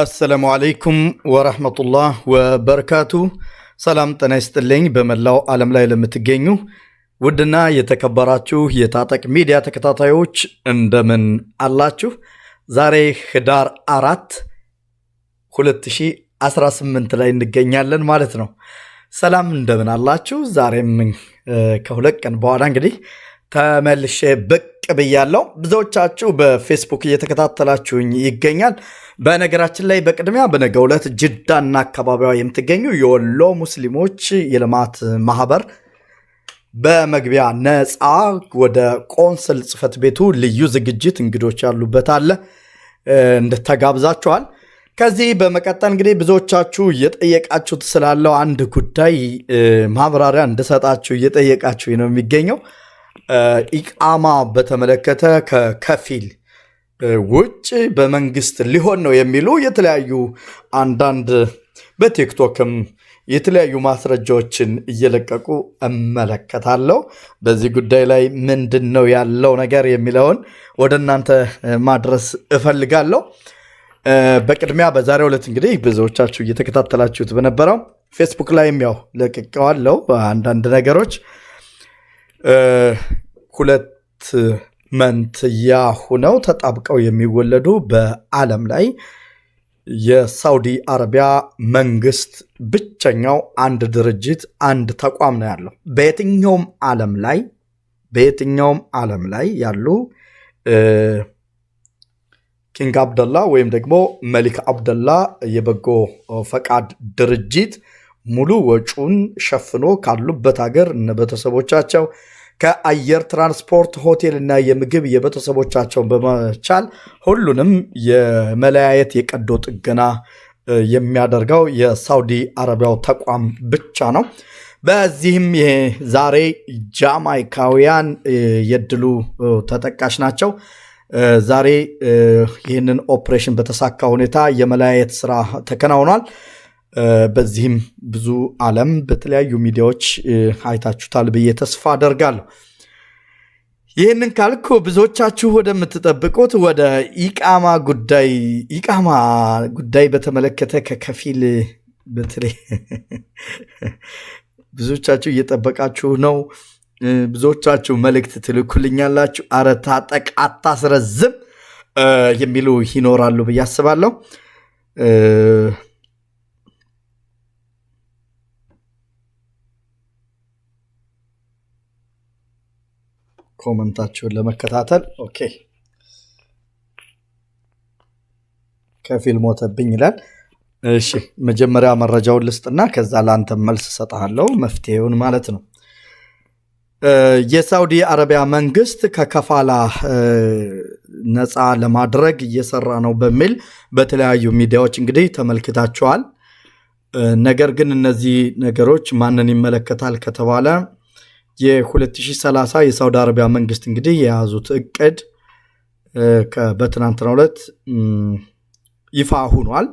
አሰላሙ አለይኩም ወረህመቱላህ ወበረካቱ። ሰላም ጤና ይስጥልኝ። በመላው ዓለም ላይ ለምትገኙ ውድና የተከበራችሁ የታጠቅ ሚዲያ ተከታታዮች እንደምን አላችሁ? ዛሬ ህዳር አራት 2018 ላይ እንገኛለን ማለት ነው። ሰላም እንደምን አላችሁ? ዛሬም ከሁለት ቀን በኋላ እንግዲህ ተመልሼ ብቅ ብያለው። ብዙዎቻችሁ በፌስቡክ እየተከታተላችሁኝ ይገኛል። በነገራችን ላይ በቅድሚያ በነገ ዕለት ጅዳና አካባቢዋ የምትገኙ የወሎ ሙስሊሞች የልማት ማህበር በመግቢያ ነፃ ወደ ቆንስል ጽህፈት ቤቱ ልዩ ዝግጅት እንግዶች ያሉበት አለ እንድተጋብዛችኋል። ከዚህ በመቀጠል እንግዲህ ብዙዎቻችሁ እየጠየቃችሁት ስላለው አንድ ጉዳይ ማብራሪያ እንድሰጣችሁ እየጠየቃችሁ ነው የሚገኘው ኢቃማ በተመለከተ ከከፊል ውጭ በመንግስት ሊሆን ነው የሚሉ የተለያዩ አንዳንድ በቲክቶክም የተለያዩ ማስረጃዎችን እየለቀቁ እመለከታለሁ። በዚህ ጉዳይ ላይ ምንድን ነው ያለው ነገር የሚለውን ወደ እናንተ ማድረስ እፈልጋለሁ። በቅድሚያ በዛሬው ዕለት እንግዲህ ብዙዎቻችሁ እየተከታተላችሁት በነበረው ፌስቡክ ላይም ያው ለቅቄዋለሁ አንዳንድ ነገሮች ሁለት መንትያ ሁነው ተጣብቀው የሚወለዱ በዓለም ላይ የሳውዲ አረቢያ መንግስት ብቸኛው አንድ ድርጅት አንድ ተቋም ነው ያለው። በየትኛውም ዓለም ላይ በየትኛውም ዓለም ላይ ያሉ ኪንግ አብደላ ወይም ደግሞ መሊክ አብደላ የበጎ ፈቃድ ድርጅት ሙሉ ወጪውን ሸፍኖ ካሉበት ሀገር እነ ቤተሰቦቻቸው ከአየር ትራንስፖርት፣ ሆቴል እና የምግብ የቤተሰቦቻቸውን በመቻል ሁሉንም የመለያየት የቀዶ ጥገና የሚያደርገው የሳውዲ አረቢያው ተቋም ብቻ ነው። በዚህም ዛሬ ጃማይካውያን የድሉ ተጠቃሽ ናቸው። ዛሬ ይህንን ኦፕሬሽን በተሳካ ሁኔታ የመለያየት ስራ ተከናውኗል። በዚህም ብዙ ዓለም በተለያዩ ሚዲያዎች አይታችሁታል ብዬ ተስፋ አደርጋለሁ። ይህንን ካልኩ ብዙዎቻችሁ ወደምትጠብቁት ወደ ኢቃማ ጉዳይ ኢቃማ ጉዳይ በተመለከተ ከከፊል በተለይ ብዙዎቻችሁ እየጠበቃችሁ ነው። ብዙዎቻችሁ መልእክት ትልኩልኛላችሁ። አረ ታጠቅ አታስረዝም የሚሉ ይኖራሉ ብዬ አስባለሁ። ኮመንታችሁን ለመከታተል ኦኬ። ከፊል ሞተብኝ ይላል። እሺ መጀመሪያ መረጃውን ልስጥና ከዛ ለአንተ መልስ ሰጠለው መፍትሄውን ማለት ነው። የሳውዲ አረቢያ መንግስት ከከፋላ ነፃ ለማድረግ እየሰራ ነው በሚል በተለያዩ ሚዲያዎች እንግዲህ ተመልክታቸዋል። ነገር ግን እነዚህ ነገሮች ማንን ይመለከታል ከተባለ የ2030 የሳውዲ አረቢያ መንግስት እንግዲህ የያዙት እቅድ በትናንትናው ዕለት ይፋ ሆኗል።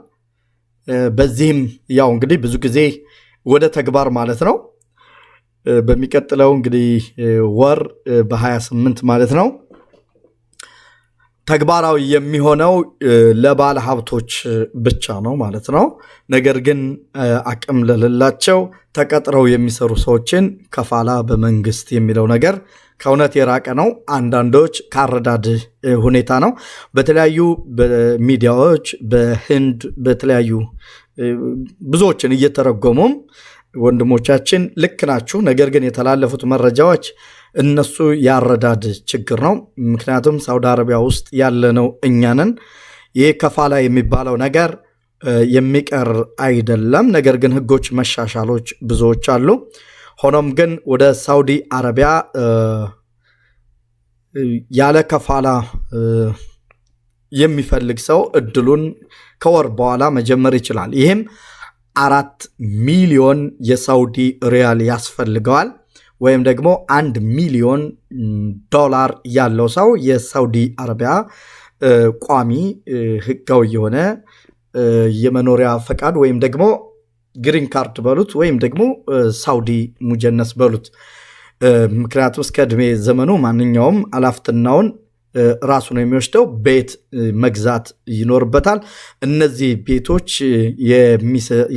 በዚህም ያው እንግዲህ ብዙ ጊዜ ወደ ተግባር ማለት ነው በሚቀጥለው እንግዲህ ወር በ28 ማለት ነው ተግባራዊ የሚሆነው ለባለ ሀብቶች ብቻ ነው ማለት ነው። ነገር ግን አቅም ለሌላቸው ተቀጥረው የሚሰሩ ሰዎችን ከፋላ በመንግስት የሚለው ነገር ከእውነት የራቀ ነው። አንዳንዶች ከአረዳድ ሁኔታ ነው። በተለያዩ ሚዲያዎች በህንድ በተለያዩ ብዙዎችን እየተረጎሙም ወንድሞቻችን ልክ ናችሁ። ነገር ግን የተላለፉት መረጃዎች እነሱ ያረዳድ ችግር ነው። ምክንያቱም ሳውዲ አረቢያ ውስጥ ያለነው እኛንን ይህ ከፋላ የሚባለው ነገር የሚቀር አይደለም። ነገር ግን ህጎች መሻሻሎች ብዙዎች አሉ። ሆኖም ግን ወደ ሳውዲ አረቢያ ያለ ከፋላ የሚፈልግ ሰው እድሉን ከወር በኋላ መጀመር ይችላል። ይህም አራት ሚሊዮን የሳውዲ ሪያል ያስፈልገዋል። ወይም ደግሞ አንድ ሚሊዮን ዶላር ያለው ሰው የሳውዲ አረቢያ ቋሚ ህጋዊ የሆነ የመኖሪያ ፈቃድ ወይም ደግሞ ግሪን ካርድ በሉት ወይም ደግሞ ሳውዲ ሙጀነስ በሉት። ምክንያቱም እስከ ዕድሜ ዘመኑ ማንኛውም አላፍትናውን ራሱ ነው የሚወስደው። ቤት መግዛት ይኖርበታል። እነዚህ ቤቶች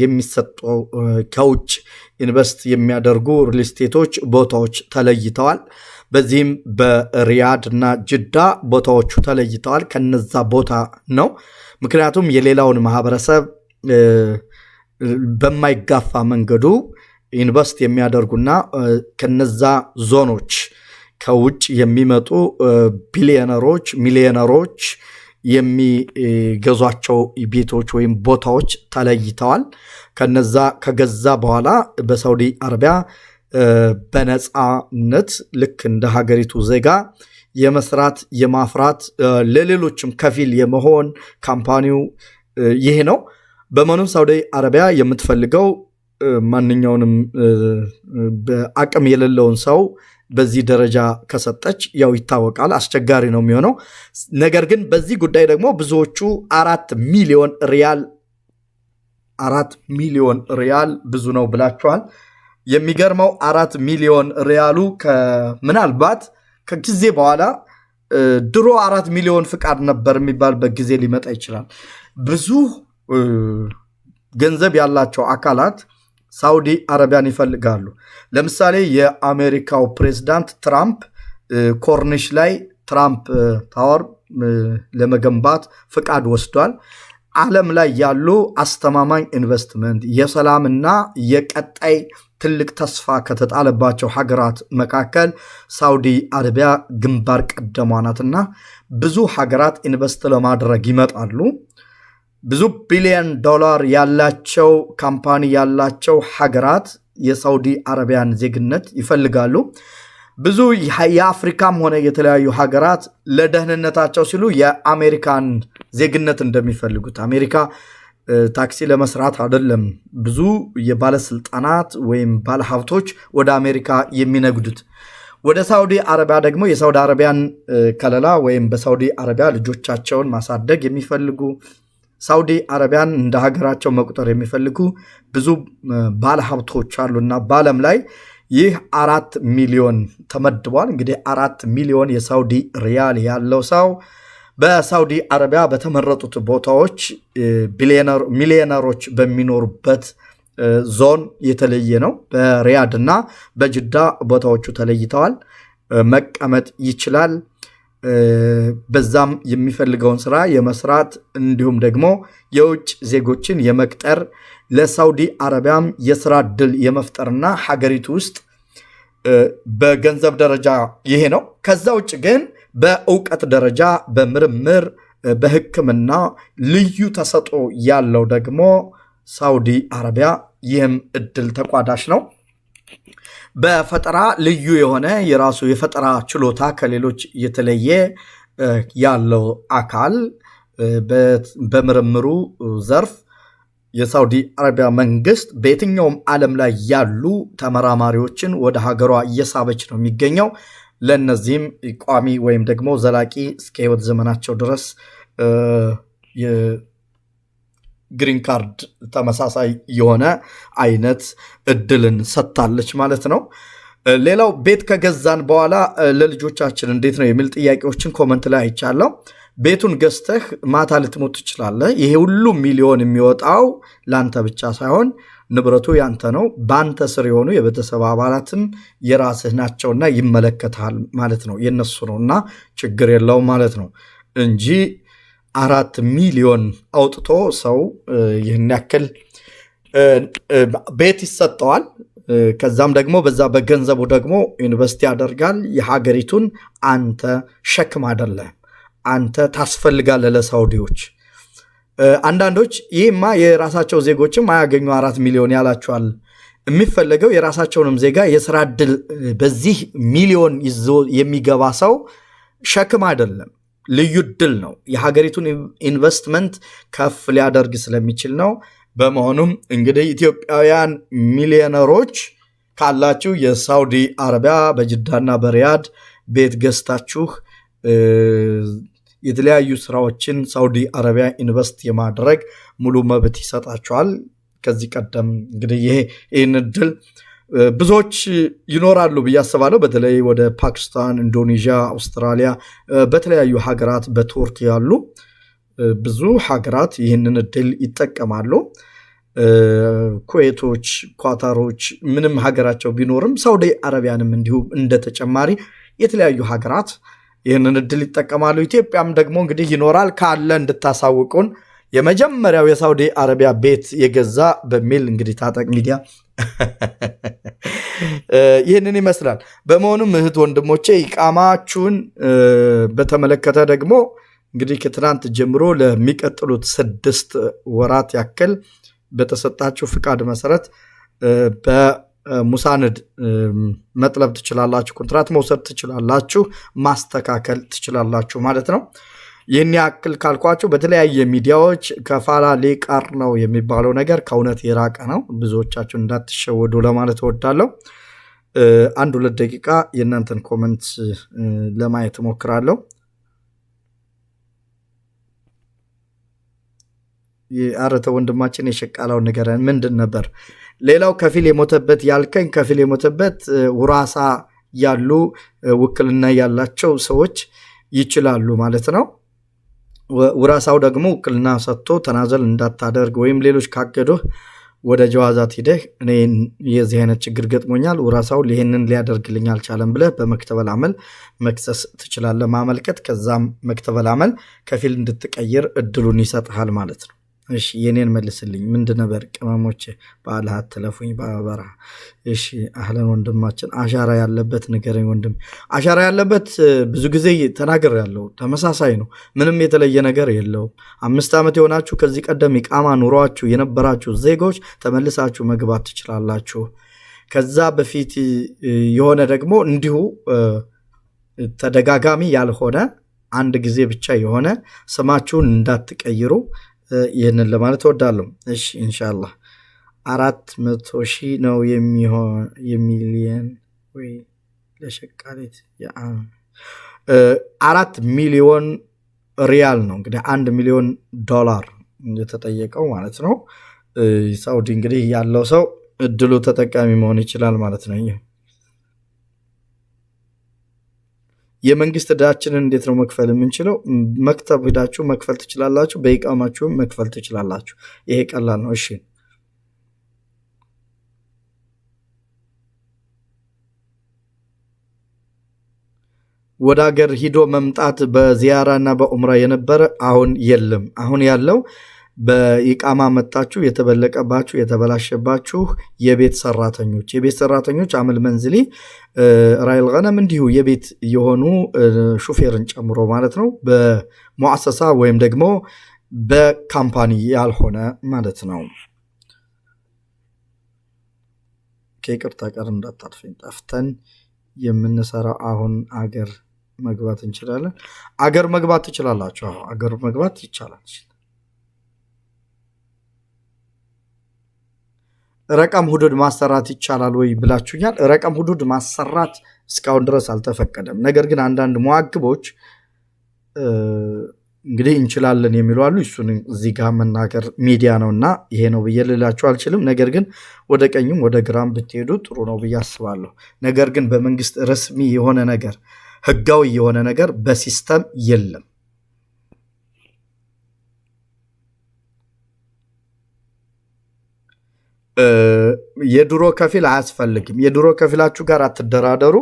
የሚሰጡ ከውጭ ኢንቨስት የሚያደርጉ ሪልስቴቶች ቦታዎች ተለይተዋል። በዚህም በሪያድ እና ጅዳ ቦታዎቹ ተለይተዋል። ከነዛ ቦታ ነው ምክንያቱም የሌላውን ማህበረሰብ በማይጋፋ መንገዱ ኢንቨስት የሚያደርጉና ከነዛ ዞኖች ከውጭ የሚመጡ ቢሊዮነሮች፣ ሚሊዮነሮች የሚገዟቸው ቤቶች ወይም ቦታዎች ተለይተዋል። ከነዛ ከገዛ በኋላ በሳውዲ አረቢያ በነፃነት ልክ እንደ ሀገሪቱ ዜጋ የመስራት የማፍራት ለሌሎችም ከፊል የመሆን ካምፓኒው ይሄ ነው። በመሆኑም ሳውዲ አረቢያ የምትፈልገው ማንኛውንም አቅም የሌለውን ሰው በዚህ ደረጃ ከሰጠች ያው ይታወቃል፣ አስቸጋሪ ነው የሚሆነው። ነገር ግን በዚህ ጉዳይ ደግሞ ብዙዎቹ አራት ሚሊዮን ሪያል አራት ሚሊዮን ሪያል ብዙ ነው ብላችኋል። የሚገርመው አራት ሚሊዮን ሪያሉ ምናልባት ከጊዜ በኋላ ድሮ አራት ሚሊዮን ፍቃድ ነበር የሚባልበት ጊዜ ሊመጣ ይችላል። ብዙ ገንዘብ ያላቸው አካላት ሳውዲ አረቢያን ይፈልጋሉ። ለምሳሌ የአሜሪካው ፕሬዝዳንት ትራምፕ ኮርኒሽ ላይ ትራምፕ ታወር ለመገንባት ፍቃድ ወስዷል። ዓለም ላይ ያሉ አስተማማኝ ኢንቨስትመንት የሰላምና የቀጣይ ትልቅ ተስፋ ከተጣለባቸው ሀገራት መካከል ሳውዲ አረቢያ ግንባር ቀደሟ ናትና ብዙ ሀገራት ኢንቨስት ለማድረግ ይመጣሉ። ብዙ ቢሊዮን ዶላር ያላቸው ካምፓኒ ያላቸው ሀገራት የሳውዲ አረቢያን ዜግነት ይፈልጋሉ። ብዙ የአፍሪካም ሆነ የተለያዩ ሀገራት ለደህንነታቸው ሲሉ የአሜሪካን ዜግነት እንደሚፈልጉት አሜሪካ ታክሲ ለመስራት አይደለም። ብዙ የባለስልጣናት ወይም ባለሀብቶች ወደ አሜሪካ የሚነግዱት ወደ ሳውዲ አረቢያ ደግሞ የሳውዲ አረቢያን ከለላ ወይም በሳውዲ አረቢያ ልጆቻቸውን ማሳደግ የሚፈልጉ ሳውዲ አረቢያን እንደ ሀገራቸው መቁጠር የሚፈልጉ ብዙ ባለሀብቶች አሉና በዓለም ላይ ይህ አራት ሚሊዮን ተመድቧል። እንግዲህ አራት ሚሊዮን የሳውዲ ሪያል ያለው ሰው በሳውዲ አረቢያ በተመረጡት ቦታዎች ሚሊዮነሮች በሚኖሩበት ዞን የተለየ ነው። በሪያድ እና በጅዳ ቦታዎቹ ተለይተዋል። መቀመጥ ይችላል። በዛም የሚፈልገውን ስራ የመስራት እንዲሁም ደግሞ የውጭ ዜጎችን የመቅጠር ለሳውዲ አረቢያም የስራ እድል የመፍጠርና ሀገሪቱ ውስጥ በገንዘብ ደረጃ ይሄ ነው። ከዛ ውጭ ግን በእውቀት ደረጃ በምርምር በሕክምና ልዩ ተሰጦ ያለው ደግሞ ሳውዲ አረቢያ ይህም እድል ተቋዳሽ ነው። በፈጠራ ልዩ የሆነ የራሱ የፈጠራ ችሎታ ከሌሎች የተለየ ያለው አካል በምርምሩ ዘርፍ የሳውዲ አረቢያ መንግስት በየትኛውም ዓለም ላይ ያሉ ተመራማሪዎችን ወደ ሀገሯ እየሳበች ነው የሚገኘው። ለእነዚህም ቋሚ ወይም ደግሞ ዘላቂ እስከ ህይወት ዘመናቸው ድረስ ግሪን ካርድ ተመሳሳይ የሆነ አይነት እድልን ሰጥታለች ማለት ነው። ሌላው ቤት ከገዛን በኋላ ለልጆቻችን እንዴት ነው የሚል ጥያቄዎችን ኮመንት ላይ አይቻለው። ቤቱን ገዝተህ ማታ ልትሞት ትችላለህ። ይሄ ሁሉ ሚሊዮን የሚወጣው ለአንተ ብቻ ሳይሆን ንብረቱ ያንተ ነው። በአንተ ስር የሆኑ የቤተሰብ አባላትም የራስህ ናቸውና ይመለከታል ማለት ነው። የነሱ ነውና ችግር የለውም ማለት ነው እንጂ አራት ሚሊዮን አውጥቶ ሰው ይህን ያክል ቤት ይሰጠዋል። ከዛም ደግሞ በዛ በገንዘቡ ደግሞ ዩኒቨርስቲ ያደርጋል። የሀገሪቱን አንተ ሸክም አይደለም፣ አንተ ታስፈልጋለህ ለሳውዲዎች። አንዳንዶች ይህማ የራሳቸው ዜጎችም አያገኙ አራት ሚሊዮን ያላቸዋል። የሚፈለገው የራሳቸውንም ዜጋ የስራ እድል በዚህ ሚሊዮን ይዞ የሚገባ ሰው ሸክም አይደለም። ልዩ እድል ነው። የሀገሪቱን ኢንቨስትመንት ከፍ ሊያደርግ ስለሚችል ነው። በመሆኑም እንግዲህ ኢትዮጵያውያን ሚሊዮነሮች ካላችሁ የሳውዲ አረቢያ በጅዳና በሪያድ ቤት ገዝታችሁ የተለያዩ ስራዎችን ሳውዲ አረቢያ ኢንቨስት የማድረግ ሙሉ መብት ይሰጣችኋል። ከዚህ ቀደም እንግዲህ ይህን እድል ብዙዎች ይኖራሉ ብዬ አስባለሁ። በተለይ ወደ ፓኪስታን፣ ኢንዶኔዥያ፣ አውስትራሊያ በተለያዩ ሀገራት በቱርክ ያሉ ብዙ ሀገራት ይህንን እድል ይጠቀማሉ። ኩዌቶች፣ ኳታሮች ምንም ሀገራቸው ቢኖርም ሳውዲ አረቢያንም እንዲሁ እንደ ተጨማሪ የተለያዩ ሀገራት ይህንን እድል ይጠቀማሉ። ኢትዮጵያም ደግሞ እንግዲህ ይኖራል ካለ እንድታሳውቁን የመጀመሪያው የሳውዲ አረቢያ ቤት የገዛ በሚል እንግዲህ ታጠቅ ሚዲያ ይህንን ይመስላል። በመሆኑም እህት ወንድሞቼ ኢቃማችሁን በተመለከተ ደግሞ እንግዲህ ከትናንት ጀምሮ ለሚቀጥሉት ስድስት ወራት ያክል በተሰጣችሁ ፍቃድ መሰረት በሙሳንድ መጥለብ ትችላላችሁ፣ ኮንትራት መውሰድ ትችላላችሁ፣ ማስተካከል ትችላላችሁ ማለት ነው። ይህን ያክል ካልኳቸው በተለያየ ሚዲያዎች ከፋላ ሊቀር ነው የሚባለው ነገር ከእውነት የራቀ ነው። ብዙዎቻችሁን እንዳትሸወዱ ለማለት እወዳለሁ። አንድ ሁለት ደቂቃ የእናንተን ኮመንት ለማየት እሞክራለሁ። አረተ ወንድማችን የሸቃላውን ንገረን ምንድን ነበር? ሌላው ከፊል የሞተበት ያልከኝ ከፊል የሞተበት ውራሳ ያሉ ውክልና ያላቸው ሰዎች ይችላሉ ማለት ነው። ውራሳው ደግሞ ውክልና ሰጥቶ ተናዘል እንዳታደርግ ወይም ሌሎች ካገዱህ ወደ ጀዋዛት ሂደህ እኔ የዚህ አይነት ችግር ገጥሞኛል፣ ውራሳው ይህንን ሊያደርግልኝ አልቻለም ብለህ በመክተበል አመል መክሰስ ትችላለህ፣ ማመልከት። ከዛም መክተበል አመል ከፊል እንድትቀይር እድሉን ይሰጥሃል ማለት ነው። እሺ የኔን መልስልኝ። ምንድን ነበር ቅመሞቼ በአላህ አትለፉኝ በበረሃ። እሺ አህለን ወንድማችን፣ አሻራ ያለበት ንገረኝ ወንድም። አሻራ ያለበት ብዙ ጊዜ ተናገር ያለው ተመሳሳይ ነው። ምንም የተለየ ነገር የለውም። አምስት ዓመት የሆናችሁ ከዚህ ቀደም ኢቃማ ኑሯችሁ የነበራችሁ ዜጎች ተመልሳችሁ መግባት ትችላላችሁ። ከዛ በፊት የሆነ ደግሞ እንዲሁ ተደጋጋሚ ያልሆነ አንድ ጊዜ ብቻ የሆነ ስማችሁን እንዳትቀይሩ ይህንን ለማለት እወዳለሁ። እሺ እንሻላ አራት መቶ ሺህ ነው የሚሆን የሚሊየን ወይ ለሸቃሌት አራት ሚሊዮን ሪያል ነው እንግዲህ አንድ ሚሊዮን ዶላር የተጠየቀው ማለት ነው። ሳውዲ እንግዲህ ያለው ሰው እድሉ ተጠቃሚ መሆን ይችላል ማለት ነው። የመንግስት እዳችንን እንዴት ነው መክፈል የምንችለው? መክተብ ሄዳችሁ መክፈል ትችላላችሁ። በኢቃማችሁም መክፈል ትችላላችሁ። ይሄ ቀላል ነው። እሺ ወደ ሀገር ሂዶ መምጣት በዚያራ እና በኡምራ የነበረ አሁን የለም። አሁን ያለው በኢቃማ መጣችሁ የተበለቀባችሁ የተበላሸባችሁ የቤት ሰራተኞች የቤት ሰራተኞች አምል መንዝሊ ራይል ቀነም እንዲሁ የቤት የሆኑ ሹፌርን ጨምሮ ማለት ነው። በሙዓሰሳ ወይም ደግሞ በካምፓኒ ያልሆነ ማለት ነው። ከይቅርታ ቀር እንዳታልፈኝ ጠፍተን የምንሰራ አሁን አገር መግባት እንችላለን። አገር መግባት ትችላላችሁ። አገር መግባት ይቻላል። ረቀም ሁዱድ ማሰራት ይቻላል ወይ ብላችሁኛል። ረቀም ሁዱድ ማሰራት እስካሁን ድረስ አልተፈቀደም። ነገር ግን አንዳንድ መዋግቦች እንግዲህ እንችላለን የሚሉ አሉ። እሱን እዚህ ጋር መናገር ሚዲያ ነው እና ይሄ ነው ብዬ ልላችሁ አልችልም። ነገር ግን ወደ ቀኝም ወደ ግራም ብትሄዱ ጥሩ ነው ብዬ አስባለሁ። ነገር ግን በመንግስት ረስሚ የሆነ ነገር ህጋዊ የሆነ ነገር በሲስተም የለም። የድሮ ከፊል አያስፈልግም። የድሮ ከፊላችሁ ጋር አትደራደሩ።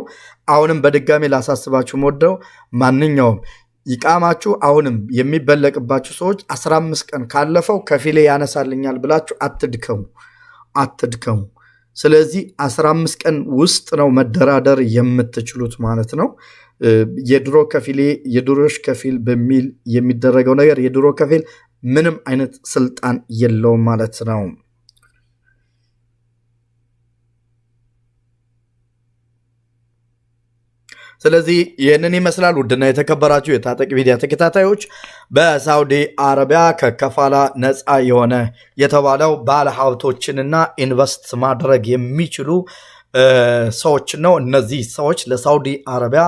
አሁንም በድጋሚ ላሳስባችሁ ወደው ማንኛውም ይቃማችሁ አሁንም የሚበለቅባችሁ ሰዎች 15 ቀን ካለፈው ከፊሌ ያነሳልኛል ብላችሁ አትድከሙ አትድከሙ። ስለዚህ 15 ቀን ውስጥ ነው መደራደር የምትችሉት ማለት ነው። የድሮ ከፊሌ የድሮሽ ከፊል በሚል የሚደረገው ነገር የድሮ ከፊል ምንም አይነት ስልጣን የለውም ማለት ነው። ስለዚህ ይህንን ይመስላል። ውድና የተከበራችሁ የታጠቅ ሚዲያ ተከታታዮች በሳውዲ አረቢያ ከከፋላ ነፃ የሆነ የተባለው ባለ ሀብቶችንና ኢንቨስት ማድረግ የሚችሉ ሰዎችን ነው። እነዚህ ሰዎች ለሳውዲ አረቢያ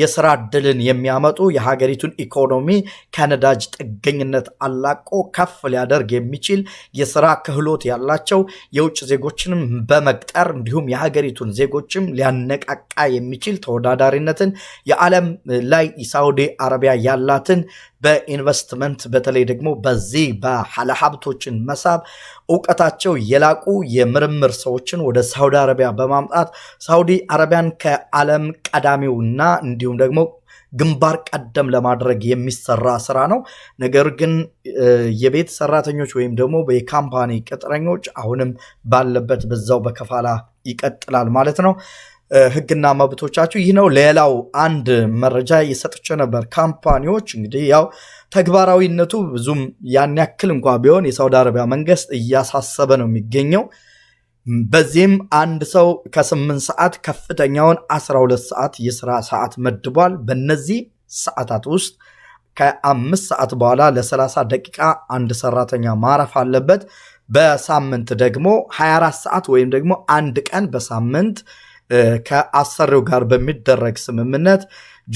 የስራ እድልን የሚያመጡ የሀገሪቱን ኢኮኖሚ ከነዳጅ ጥገኝነት አላቆ ከፍ ሊያደርግ የሚችል የስራ ክህሎት ያላቸው የውጭ ዜጎችንም በመቅጠር እንዲሁም የሀገሪቱን ዜጎችም ሊያነቃቃ የሚችል ተወዳዳሪነትን የዓለም ላይ ሳውዲ አረቢያ ያላትን በኢንቨስትመንት በተለይ ደግሞ በዚህ በሀለሀብቶችን መሳብ እውቀታቸው የላቁ የምርምር ሰዎችን ወደ ሳውዲ አረቢያ በማምጣት ሳውዲ አረቢያን ከዓለም ቀዳሚውና እንዲሁም ደግሞ ግንባር ቀደም ለማድረግ የሚሰራ ስራ ነው። ነገር ግን የቤት ሰራተኞች ወይም ደግሞ የካምፓኒ ቅጥረኞች አሁንም ባለበት በዛው በከፋላ ይቀጥላል ማለት ነው። ህግና መብቶቻችሁ ይህ ነው። ሌላው አንድ መረጃ የሰጥቼ ነበር። ካምፓኒዎች እንግዲህ ያው ተግባራዊነቱ ብዙም ያን ያክል እንኳ ቢሆን የሳውዲ አረቢያ መንግስት እያሳሰበ ነው የሚገኘው። በዚህም አንድ ሰው ከስምንት ሰዓት ከፍተኛውን 12 ሰዓት የስራ ሰዓት መድቧል። በነዚህ ሰዓታት ውስጥ ከአምስት ሰዓት በኋላ ለ30 ደቂቃ አንድ ሰራተኛ ማረፍ አለበት። በሳምንት ደግሞ 24 ሰዓት ወይም ደግሞ አንድ ቀን በሳምንት ከአሰሪው ጋር በሚደረግ ስምምነት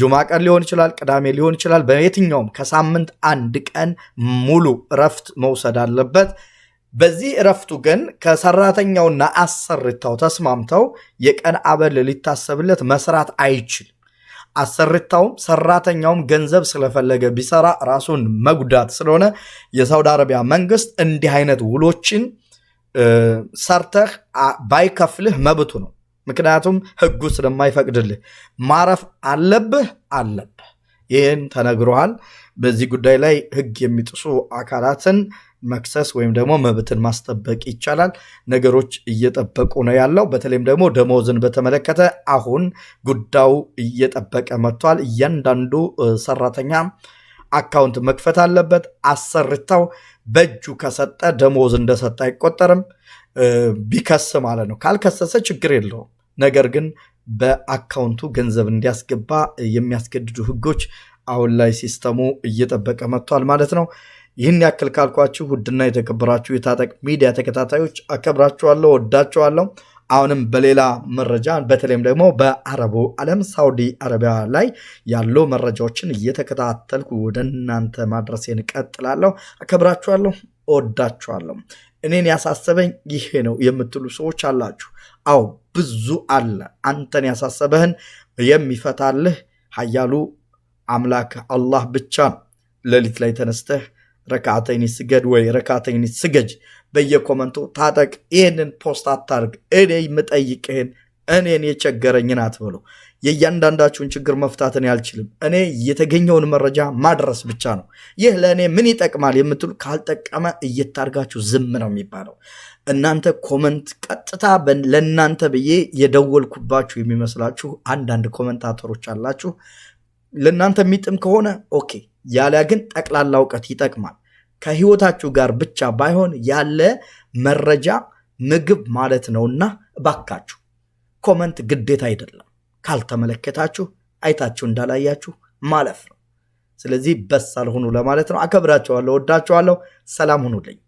ጁማ ቀን ሊሆን ይችላል፣ ቅዳሜ ሊሆን ይችላል። በየትኛውም ከሳምንት አንድ ቀን ሙሉ እረፍት መውሰድ አለበት። በዚህ እረፍቱ ግን ከሰራተኛውና አሰርታው ተስማምተው የቀን አበል ሊታሰብለት መስራት አይችልም። አሰርታውም ሰራተኛውም ገንዘብ ስለፈለገ ቢሰራ ራሱን መጉዳት ስለሆነ የሳውዲ አረቢያ መንግስት እንዲህ አይነት ውሎችን ሰርተህ ባይከፍልህ መብቱ ነው። ምክንያቱም ህጉ ስለማይፈቅድልህ ማረፍ አለብህ አለብህ። ይህን ተነግሮሃል። በዚህ ጉዳይ ላይ ህግ የሚጥሱ አካላትን መክሰስ ወይም ደግሞ መብትን ማስጠበቅ ይቻላል። ነገሮች እየጠበቁ ነው ያለው። በተለይም ደግሞ ደሞዝን በተመለከተ አሁን ጉዳዩ እየጠበቀ መጥቷል። እያንዳንዱ ሰራተኛ አካውንት መክፈት አለበት። አሰርታው በእጁ ከሰጠ ደሞዝ እንደሰጠ አይቆጠርም፣ ቢከስ ማለት ነው። ካልከሰሰ ችግር የለውም። ነገር ግን በአካውንቱ ገንዘብ እንዲያስገባ የሚያስገድዱ ህጎች አሁን ላይ ሲስተሙ እየጠበቀ መጥቷል ማለት ነው። ይህን ያክል ካልኳችሁ ውድና የተከበራችሁ የታጠቅ ሚዲያ ተከታታዮች አከብራችኋለሁ፣ ወዳችኋለሁ። አሁንም በሌላ መረጃ በተለይም ደግሞ በአረቡ ዓለም ሳውዲ አረቢያ ላይ ያሉ መረጃዎችን እየተከታተልኩ ወደ እናንተ ማድረሴን ቀጥላለሁ። አከብራችኋለሁ፣ እወዳችኋለሁ። እኔን ያሳሰበኝ ይሄ ነው የምትሉ ሰዎች አላችሁ። አዎ ብዙ አለ። አንተን ያሳሰበህን የሚፈታልህ ኃያሉ አምላክ አላህ ብቻ። ሌሊት ላይ ተነስተህ ረካተይኒ ስገድ ወይ ረካተይኒ ስገጅ በየኮመንቱ ታጠቅ። ይህንን ፖስት አታርግ። እኔ የምጠይቅህን እኔን የቸገረኝን አትበሉ። የእያንዳንዳችሁን ችግር መፍታትን አልችልም። እኔ የተገኘውን መረጃ ማድረስ ብቻ ነው። ይህ ለእኔ ምን ይጠቅማል የምትሉ ካልጠቀመ እየታርጋችሁ ዝም ነው የሚባለው። እናንተ ኮመንት ቀጥታ ለእናንተ ብዬ የደወልኩባችሁ የሚመስላችሁ አንዳንድ ኮመንታተሮች አላችሁ። ለእናንተ የሚጥም ከሆነ ኦኬ ያለያ ግን ጠቅላላ እውቀት ይጠቅማል። ከህይወታችሁ ጋር ብቻ ባይሆን ያለ መረጃ ምግብ ማለት ነውና እባካችሁ ኮመንት ግዴታ አይደለም። ካልተመለከታችሁ አይታችሁ እንዳላያችሁ ማለፍ ነው። ስለዚህ በሳል ሁኑ ለማለት ነው። አከብራችኋለሁ፣ ወዳችኋለሁ። ሰላም ሁኑልኝ።